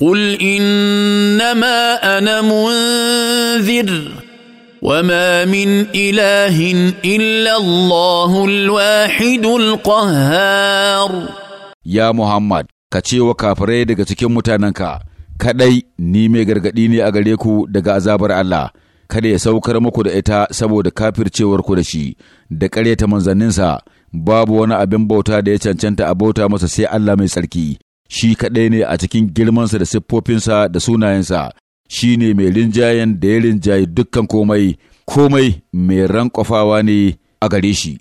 قل انما انا منذر وما من اله الا الله الواحد القهار يا محمد كتشيو كافري daga cikin mutanenka kadai ni mai gargadi ne a gare ku daga azabar Allah kada ya saukar muku da ita saboda kafircewar ku da shi da ƙaryata manzanninsa babu wani abin bauta da ya cancanta a bauta masa sai Allah mai tsarki shi kaɗai ne a cikin girmansa da siffofinsa da sunayensa, shi ne mai rinjayen da ya rinjaye dukkan komai, komai mai rankwafawa ne a gare shi.